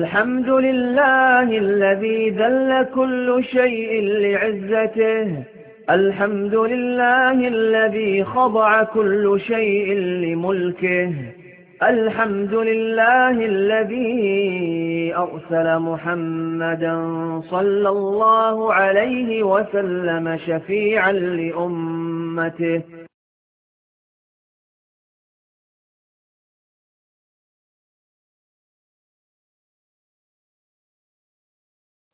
الحمد لله الذي ذل كل شيء لعزته الحمد لله الذي خضع كل شيء لملكه الحمد لله الذي أرسل محمدا صلى الله عليه وسلم شفيعا لأمته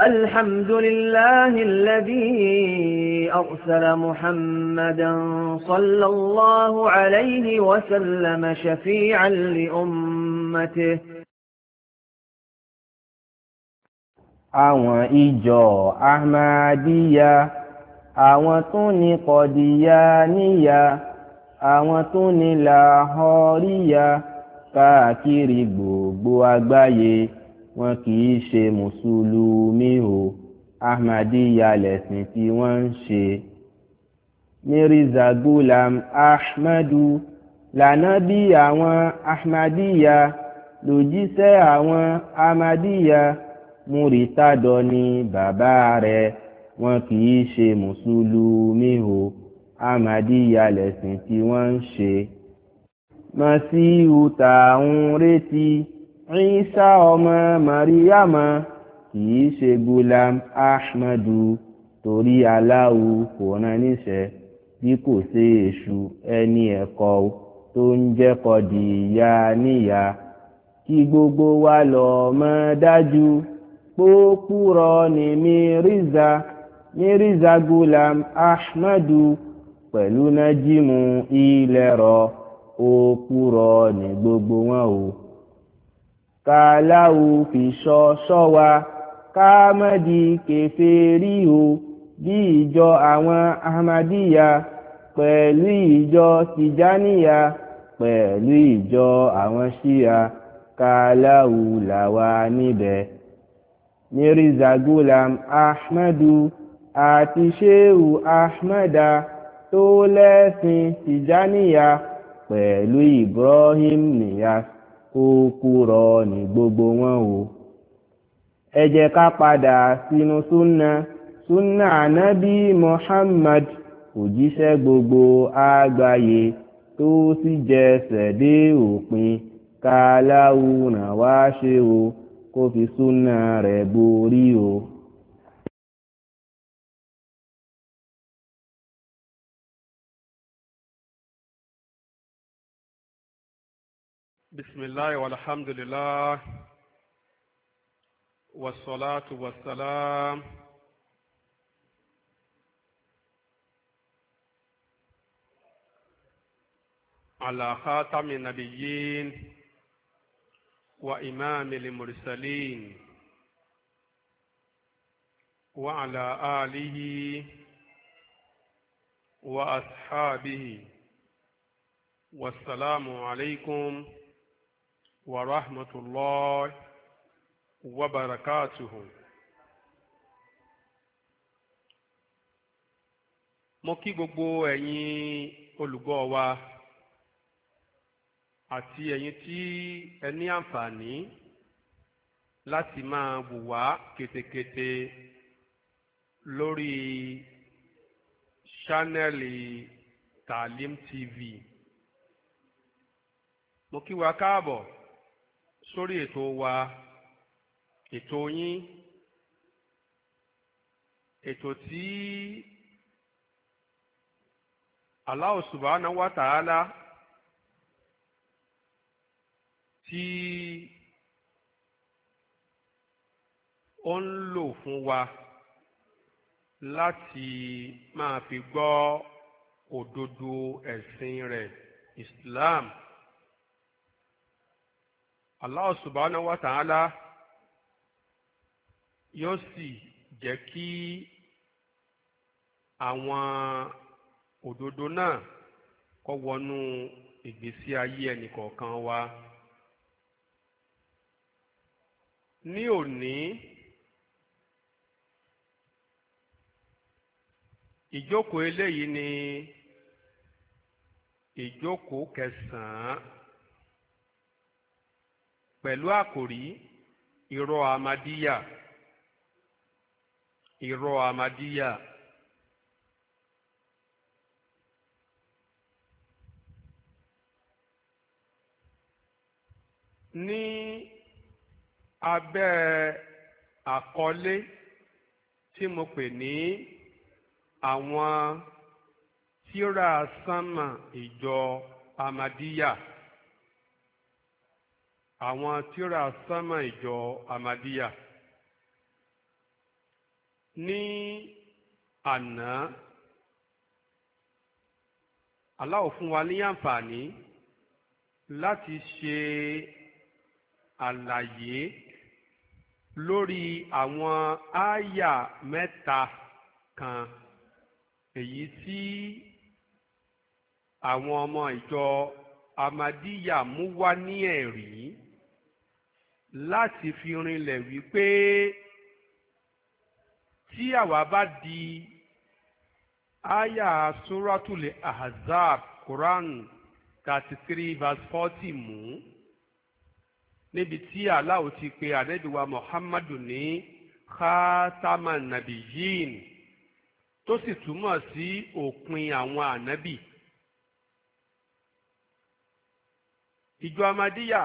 الحمد لله الذي أرسل محمدا صلى الله عليه وسلم شفيعا لأمته àwọn ìjọ ahmadiyya àwọn tó ní kọdíyà níyà àwọn tó ní làhọríyà káàkiri gbogbo àgbáyé wọn kì í ṣe mùsùlùmí o ahmadiyya lẹ̀sìn tí wọ́n ń ṣe. mirza gulam ahmadu lànábì àwọn ahmadiyya lòjíṣẹ́ àwọn ahmadiyya múritádọ́ ni bàbá rẹ̀ wọn kì í ṣe mùsùlùmí o ahmadiyya lẹ̀sìn tí wọ́n ń ṣe. masihu tá ń retí. Isa ọmọ Mariama, kìí ṣe Gulam Ahmadu torí Allahu kò rán níṣẹ́ bí kò ṣe èṣù ẹni ẹ̀kọ́ tó ń jẹ́kọ̀ di ìyá níyà kí gbogbo wa lọ mọ̀ dájú pópúrọ̀ ni Mírízà Mírízà Gulam Ahmadu pẹ̀lú nájímù ilẹ̀ rọ òpùrọ̀ ni gbogbo wọn o kàláwù fi sọ sọ wa káàmọ́dì kẹfẹ́rí o bí ìjọ àwọn ahmadiyya pẹ̀lú ìjọ tìjáníyà pẹ̀lú ìjọ àwọn ṣíya kàláwù làwa níbẹ̀ mirza gulam ahmadu àti sheu ahmada tó lẹ́sìn tìjáníyà pẹ̀lú ibrahim niyas òkúrọ ní gbogbo wọn o ẹ jẹ́ ká padà sínú súnà súnà ànábì Muhammad òjíṣẹ́ gbogbo àgbáyé tó sì jẹsẹ̀ dé òpin ká láwùrán wá ṣe o kó fi súnà rẹ̀ borí o. بسم الله والحمد لله والصلاة والسلام على خاتم النبيين وإمام المرسلين وعلى آله وأصحابه والسلام عليكم ورحمة الله وبركاته mo kí gbogbo ẹ̀yin olùgbọ́ wa àti ẹ̀yin tí ẹ ní àǹfààní láti máa wò wá ketekete lórí ṣánẹ́ẹ̀lì Taalim TV mo kí wa káàbọ̀ sórí ètò wa ètò yín ètò tí Allah subhanahu wa ta'ala tí ó ń lò fún wa láti máa fi gbọ́ òdodo ẹ̀sìn rẹ̀ Islam. Allah subhanahu wa ta'ala yóò sì jẹ́ kí àwọn òdodo náà kó wọnú ìgbésí ayé ẹnìkọ̀ọ̀kan wa. ní òní ìjókòó eléyìí ni ìjókòó kẹsàn-án pẹ̀lú àkòrí irọ́ amadíyà irọ́ amadíyà. ní abẹ́ àkọlé tí mo pè ní àwọn tírà sánmà ìjọ amadíyà. E àwọn tíra sámà ìjọ amadiya ní àná aláwọ̀ fún wa ní àǹfààní láti ṣe àlàyé lórí àwọn àyà mẹ́ta kan èyí tí àwọn ọmọ ìjọ amadiya mú wá ní ẹ̀rí láti fi rinlẹ̀ wípé tí àwa bá di àyà sóràtúlẹ̀ ahzab quran thirty three verse forty mú níbi tí aláwo ti pe ànẹ́dùwà muhammadu ní khatama nabiyin tó sì túmọ̀ sí òpin àwọn ànábì ìjọ amadíyà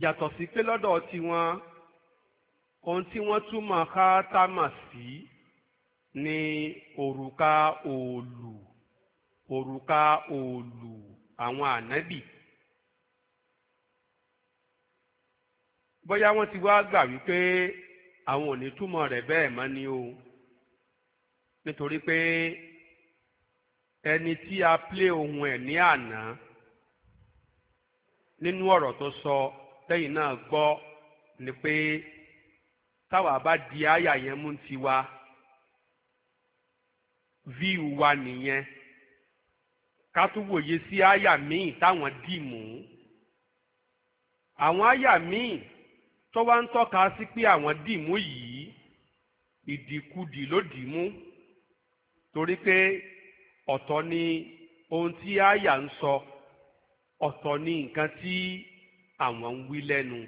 yàtọ̀ sí pé lọ́dọ̀ tiwọn ohun tí wọ́n túmọ̀ káátámà sí ni òrùka òòlù òrùka òòlù àwọn ànábì bóyá wọ́n ti wá gbà wípé àwọn ò ní túmọ̀ rẹ̀ bẹ́ẹ̀ mọ́ ni o nítorí pé ẹni tí a plé ohun ẹ̀ ní àná nínú ọ̀rọ̀ tó sọ. So, tẹ́yìn náà gbọ́ ni pé táwa bá di àyà yẹn mú tiwa víù wa nìyẹn ká tún wòye sí àyà míì táwọn dì mú àwọn àyà míì tó wá ń tọ́ka sí pé àwọn dì mú yìí ìdìkudì ló dì mú torí pé ọ̀tọ̀ ni ohun tí àyà ń sọ ọ̀tọ̀ ni nǹkan tí àwọn ń wí lẹ́nu.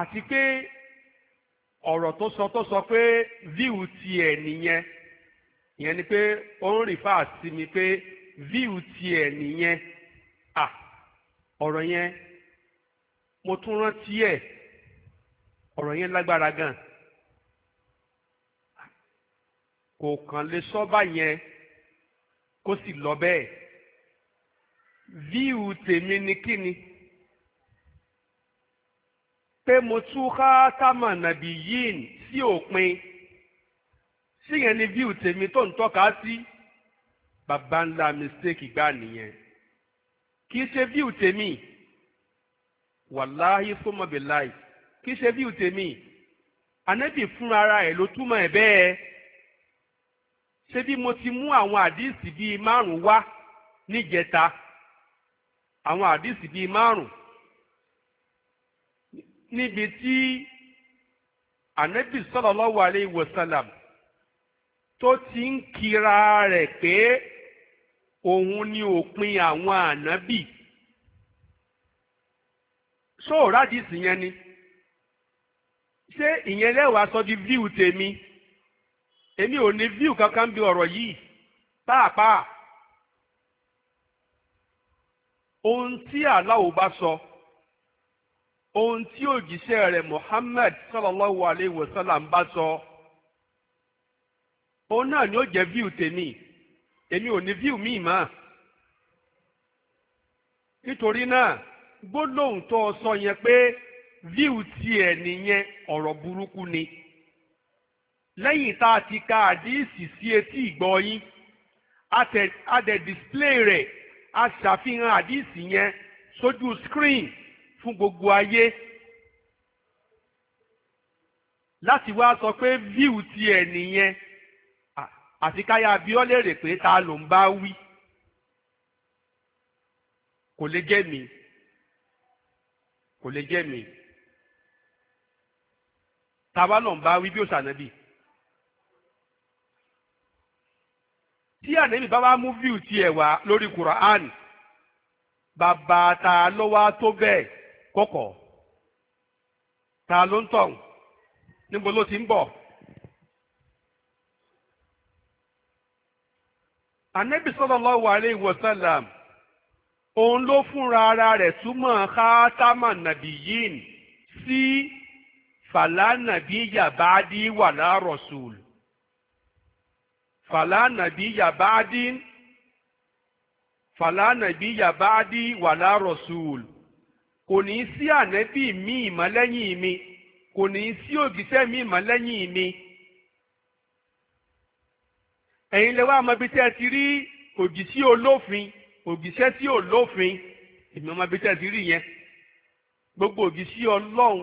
àti pé ọ̀rọ̀ tó sọ tó sọ pé víù tiẹ̀ nìyẹn ìyẹn ni pé ó ń rìfà sí mi pé víù tiẹ̀ nìyẹn à ọ̀rọ̀ yẹn mo tún rántí ẹ̀ ọ̀rọ̀ yẹn lágbára gan kò kàn lè sọ báyẹn kó sì lọ bẹ́ẹ̀ víù tèmi ni kíni pé mo tú káátámà nàbì yín sí òpin síyẹn ni víù tèmi tó ń tọ́ka sí bàbá ńlá mistake gbá nìyẹn kì í ṣe víù tèmi wàláhí fọmọbìláì kì í ṣe víù tèmi ànábì fúnra ẹ̀ ló túmọ̀ ẹ̀ bẹ́ẹ̀ ṣé bí mo ti mú àwọn àdíìsì bíi márùn-ún wá níjẹta àwọn àdìsí bíi márùn níbi tí ànábì sallallahu alayhi wa sallam tó ti ń kira rẹ̀ pé òun ni òpin àwọn ànábì sóòrò àdìsí yẹn ni ṣé ìyẹn lẹ́wàá sọ di fíù tèmi èmi ò ní fíù kankan bí ọ̀rọ̀ yìí pàápàá. ohun tí aláwo bá sọ ohun tí òjíṣẹ́ rẹ̀ Muhammad sallallahu alayhi wa sallam bá sọ òun náà ni ó jẹ́ fíù tèmi èmi ò ní view míì mọ́ nítorí náà gbólóhùn tó o sọ yẹn pé fíù tiẹ̀ nìyẹn ọ̀rọ̀ burúkú ni lẹ́yìn tá a ti ka àdíìsì sí etí ìgbọ́ yín a tẹ̀ display a ṣàfihàn àdìsí yẹn sójú screen fún gbogbo ayé láti wá sọ pé view tiẹ̀ nìyẹn àti káyà bí ó lérè pé ta ló ń bá wí kò lè jẹ́ mi kò lè jẹ́ mi tàwa ló ń bá wí bí ó ṣànábì. tí ànábì bá wá mú fíù tiẹ̀ wá lórí Quran bàbá ta ló wá tó bẹ́ẹ̀ kọ́kọ́ ta ló ń tọ̀hún níbo ló ti ń bọ̀. ànábì sallallahu alayhi wa sallam òun ló fúnra ara rẹ̀ túmọ̀ khatama nabiyyin sí fàlànàbí yabadi wala rasul fàlà nàbí yabadi fàlà nàbí yabadi wàlà rọ̀sùl kò ní sí ànẹ́bí mi ìmọ̀ mi kò ní sí ògìṣẹ́ mi ìmọ̀ mi ẹ̀yin lè wá ọmọbi tẹ́ ẹ ti rí ògìṣẹ́ olófin ògìṣẹ́ tí olófin èmi ọmọbi tẹ́ ẹ ti rí yẹn gbogbo ògìṣẹ́ ọlọ́run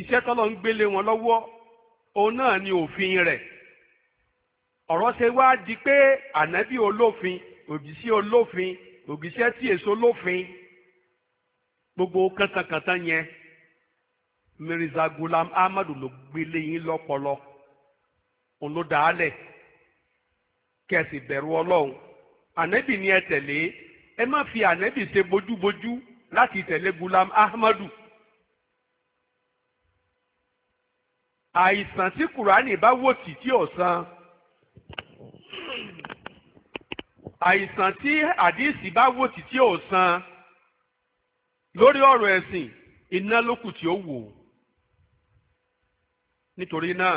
iṣẹ́ tọ́lọ́ ń gbélé wọn lọ́wọ́ òun náà ni òfin rẹ̀ ọ̀rọ̀ ṣe wá di pé ànábì olófin ògìsí olófin ògìsí tí èso olófin gbogbo kàtàkàtà yẹn Mirza Gulam Ahmadu ló gbélé yín lọ́pọlọ òun ló dá a lẹ̀ kẹsì bẹ̀rù ọlọ́run ànábì ni ẹ tẹ̀lé ẹ má fi ànábì ṣe bójúbójú láti tẹ̀lé Gulam Ahmadu. àìsàn tí kùránì bá wò tì tí ò san. àìsàn tí àdìsí bá wò tí tí ò san lórí ọ̀rọ̀ ẹ̀sìn iná ló kù tí ó wò nítorí náà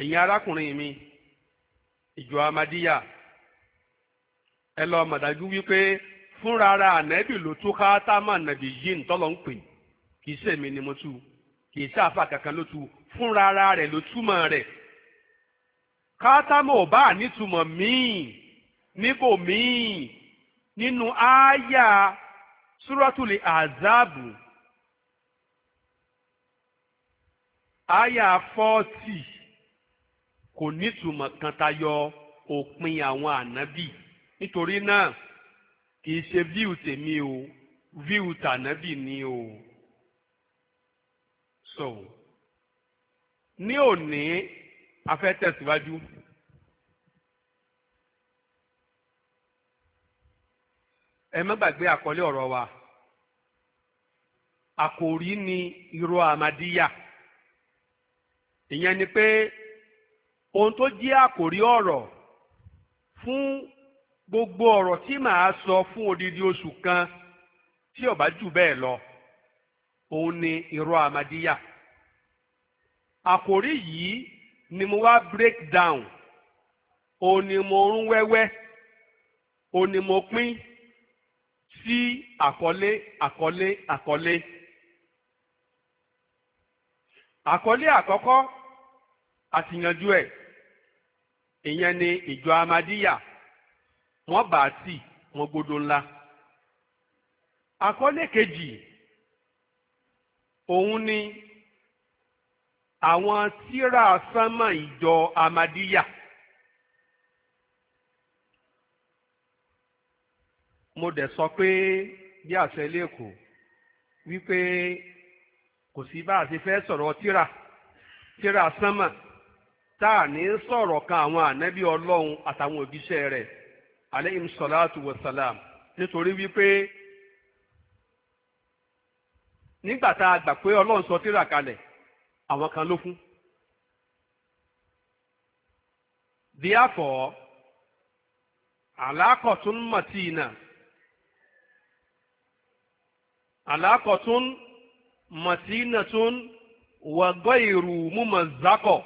ẹ̀yin arákùnrin mi ìjọ amadíyà ẹ lọ mọ̀dájú wípé fúnra ara ànẹ́bì ló tú káátámà nàbì yìí ń tọ́lọ̀ ń pè kì í sèmi ni mo tú kì í sáfà kankan ló tú fúnra ara rẹ̀ ló túmọ̀ rẹ̀ kátámù ò bá nítumọ̀ míì níbòmíì nínú ááyà súrọ́tùlì àzáàbù ááyà fọ́ọ̀tì kò nítumọ̀ kan tayọ òpin àwọn ànábì nítorí náà kì í ṣe fíù tèmi o fíù tànábì ni o. So, ní òní a fẹ́ tẹ̀síwájú. ẹ má gbàgbé àkọlé wa àkòrí ni iro àmàdíyà ìyẹn ni pé ohun tó jẹ́ àkòrí ọ̀rọ̀ fún gbogbo ọ̀rọ̀ tí màá sọ fún odidi oṣù kan tí ó bá jù bẹ́ẹ̀ lọ òun ni iro àmàdíyà àkòrí yìí ni mo wá break down òun ni mo rún wẹ́wẹ́ òun ni mo pín sí àkọlé àkọlé àkọlé. àkọlé àkọ́kọ́ àtìyànjú ẹ̀ ìyẹn ni ìjọ amadíyà wọ́n bá tì wọ́n gbódò ńlá. àkọlé kejì òun ni àwọn tírà sánmà ìjọ amadiya mo dẹ̀ sọ pé bí àṣẹ lẹ́kọ̀ọ́ wípé kò sí bá a ti fẹ́ sọ̀rọ̀ tírà tírà sánmà tá a ní sọ̀rọ̀ kan àwọn ànábì ọlọ́run àtàwọn òbíṣẹ́ rẹ̀ aleyhim salatu wa salam nítorí wípé nígbà tá a gbà pé ọlọ́run sọ tírà kalẹ̀ àwọn kan ló fún. therefore àlákọ̀tún mọ̀tínà àlákọ̀tún mọ̀tínà tún wọ̀gbọ́ ìrù múmọ̀ zákọ̀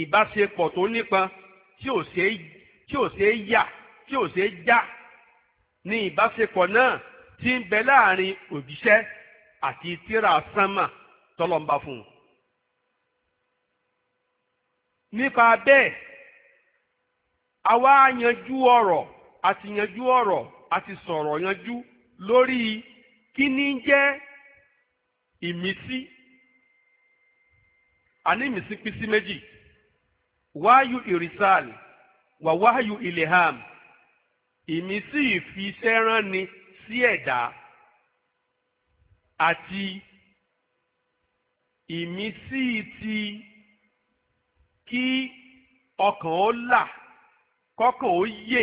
ìbáṣepọ̀ tó nípa tí ò ṣe é yà tí ò ṣe é já ní ìbáṣepọ̀ náà tí ń bẹ láàrin òjíṣẹ́ àti tíra sánmà tọ́lọ́mbà fún un. nípa bẹ́ẹ̀ àwa yanjú ọ̀rọ̀ àti yanjú ọ̀rọ̀ àti sọ̀rọ̀ yanjú lórí kí ni jẹ́ ìmísí àní ìmísí pín sí méjì wáyù ìrìsàl wà wáyù ìlẹ̀hàm ìmísí ìfiṣẹ́ ránni sí ẹ̀dá àti ìmísí ti. kí ọkàn ó là kọ́kàn ó yè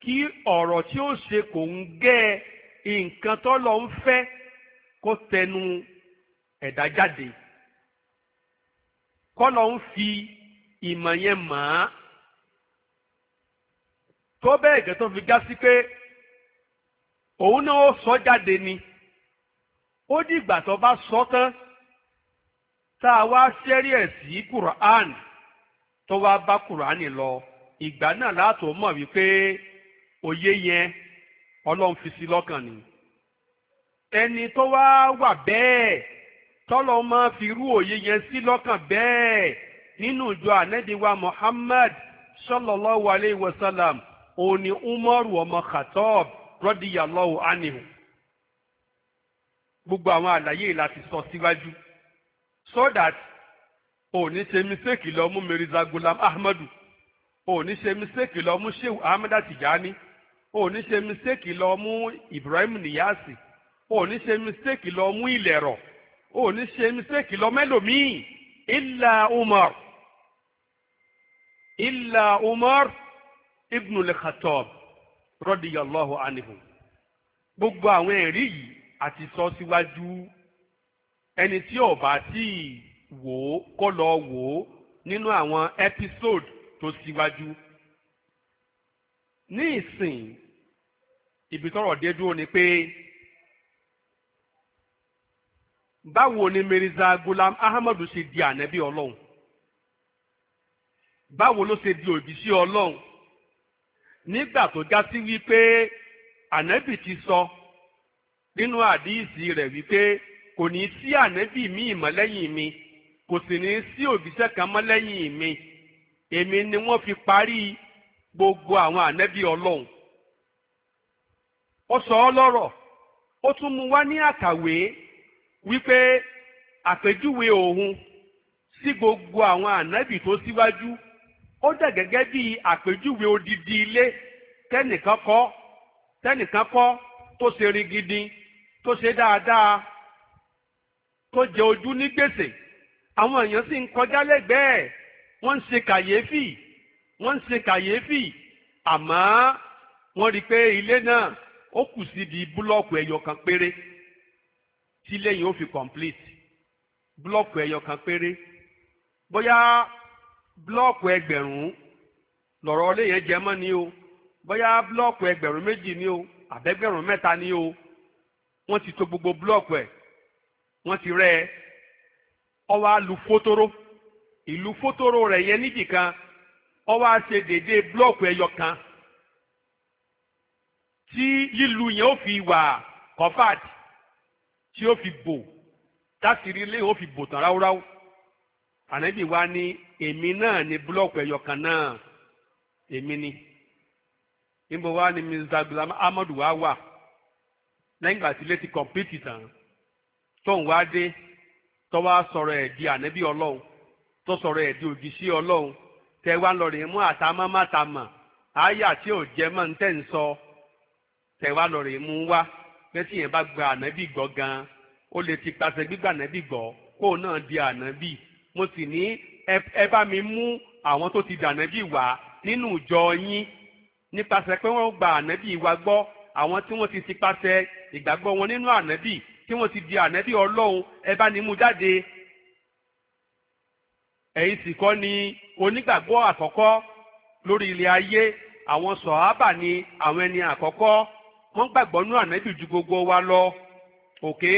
kí ọ̀rọ̀ tí ó ṣe kò ń gẹ́ nǹkan tó lọ ń fẹ́ kó tẹnu ẹ̀dá jáde kọ́ lọ ń fi ìmọ̀ yẹn mọ̀ á tó bẹ́ẹ̀ gẹ́ tó fi já sí pé òun náà ó sọ jáde ni ó dìgbà tó bá sọ tán tá a wá ṣẹ́rí ẹ̀ sí kùránì tó wá bá kùránì lọ ìgbà náà láti mọ̀ wípé òye yẹn ọlọ́run fi sí lọ́kàn ni ẹni tó wá wà bẹ́ẹ̀ tọ́lọ́ máa fi rú òye yẹn sí lọ́kàn bẹ́ẹ̀ nínú ìjọ ànẹ́dìwá Muhammad sallallahu alayhi wa sallam ni Umaru ọmọ Khattab radiyallahu anhu gbogbo àwọn àlàyé la ti sọ síwájú. Si so that ò ní ṣe mistake lọ mú Mirza Gulam Ahmadu ò ní ṣe mistake lọ mú Shehu Ahmada Tijani ò ní ṣe mistake lọ mú Ibrahim Niyasi ò ní ṣe mistake lọ mú Ilẹ̀rọ̀ ò ní ṣe mistake lọ mẹ́lòmíì illa Umar illa Umar ibn al-Khattab radiyallahu gbogbo àwọn ẹ̀rí yìí àti sọ síwájú ẹni tí ò bá tí ì wò ó kó lọ wò ó nínú àwọn episode tó síwájú. ní ìsìn ibi dé dúró ni pé báwo ni Mirza Ghulam Ahmadu ṣe di ànábì Ọlọ́run báwo ló ṣe di òbísí Ọlọ́run nígbà tó já sí wípé ànábì ti sọ nínú àdíìsì rẹ̀ wípé kò ní sí ànábì míì mọ́ lẹ́yìn mi kò sì ní sí òbíṣẹ́ kan mọ́ lẹ́yìn mi èmi ni wọ́n fi parí gbogbo àwọn ànábì ọlọ́run ó sọ ọ́ lọ́rọ̀ ó tún mú wá ní àkàwé wípé àpèjúwe òun sí gbogbo àwọn ànábì tó síwájú ó dà gẹ́gẹ́ bí àpèjúwe odidi ilé tẹ́nìkan kọ́ tẹ́nìkan kọ́ tó ṣe rigidi tó ṣe dáadáa tó jẹ ojú ní gbèsè àwọn èèyàn sì ń kọjá lẹ́gbẹ̀ẹ́ wọ́n ń ṣe kàyéfì wọ́n ń ṣe kàyéfì àmọ́ wọ́n rí i pé ilé náà ó kù síbi búlọ́ọ̀kù ẹyọ kan péré tí ilé ó fi complete búlọ́ọ̀kù ẹyọ kan péré bóyá búlọ́ọ̀kù ẹgbẹ̀rún lọ̀rọ̀ ilé yẹn jẹ mọ́ ni o bóyá búlọ́ọ̀kù ẹgbẹ̀rún méjì ni o àbẹ́gbẹ̀rún mẹ́ta ni o wọ́n ti tò gbogbo búlọ́ọ̀kù ẹ̀ wọ́n ti rẹ́ ẹ ó lu fótóró ìlú fótóró rẹ̀ yẹn níbì kan ó ṣe déédéé tí lílu yẹn ó fi wà covered tí ó fi bò tásìrí ilé ó fi bò tán ráúráú wa ni èmi náà ni náà èmi ni níbo ni mr amadu wa wà lẹ́yìn ìgbà tí ilé tóun wá dé tó wá sọ̀rọ̀ ẹ̀ di ànábì ọlọ́run tó sọ̀rọ̀ ẹ̀ di òjíṣẹ́ ọlọ́run tẹ́ wá lọ́rìn mú àtàmọ́mátàmọ́ àyà tí ò jẹ́ mọ́ ń tẹ̀ ń sọ tẹ́ wá lọ́rìn mú wá bẹ́tí yẹn bá gba ànábì gbọ́ gan ó lè ti pàṣẹ gbígbà ànábì gbọ́ kó náà di ànábì mo sì ní ẹ bá mi mú àwọn tó ti dànábì wá nínú ìjọ yín nípasẹ̀ pé wọ́n gba ànábì wa gbọ́ àwọn tí wọ́n ti ti pàṣẹ ìgbàgbọ́ wọn nínú ànábì tí wọ́n ti di ànẹ́bí ọlọ́run ẹ bá ní mú jáde ẹ̀yin sì kọ́ ni onígbàgbọ́ àkọ́kọ́ lórí ilẹ̀ ayé àwọn sọ̀hábà ni àwọn ẹni àkọ́kọ́ wọ́n gbàgbọ́ nú ànẹ́bí ju gbogbo wa lọ òkè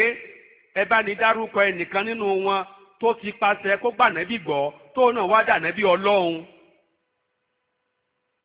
ẹ bá ní dárúkọ ẹnìkan nínú wọn tó ti pàṣẹ kó gbà ànẹ́bí gbọ́ tóun náà wá dà ọlọ́run.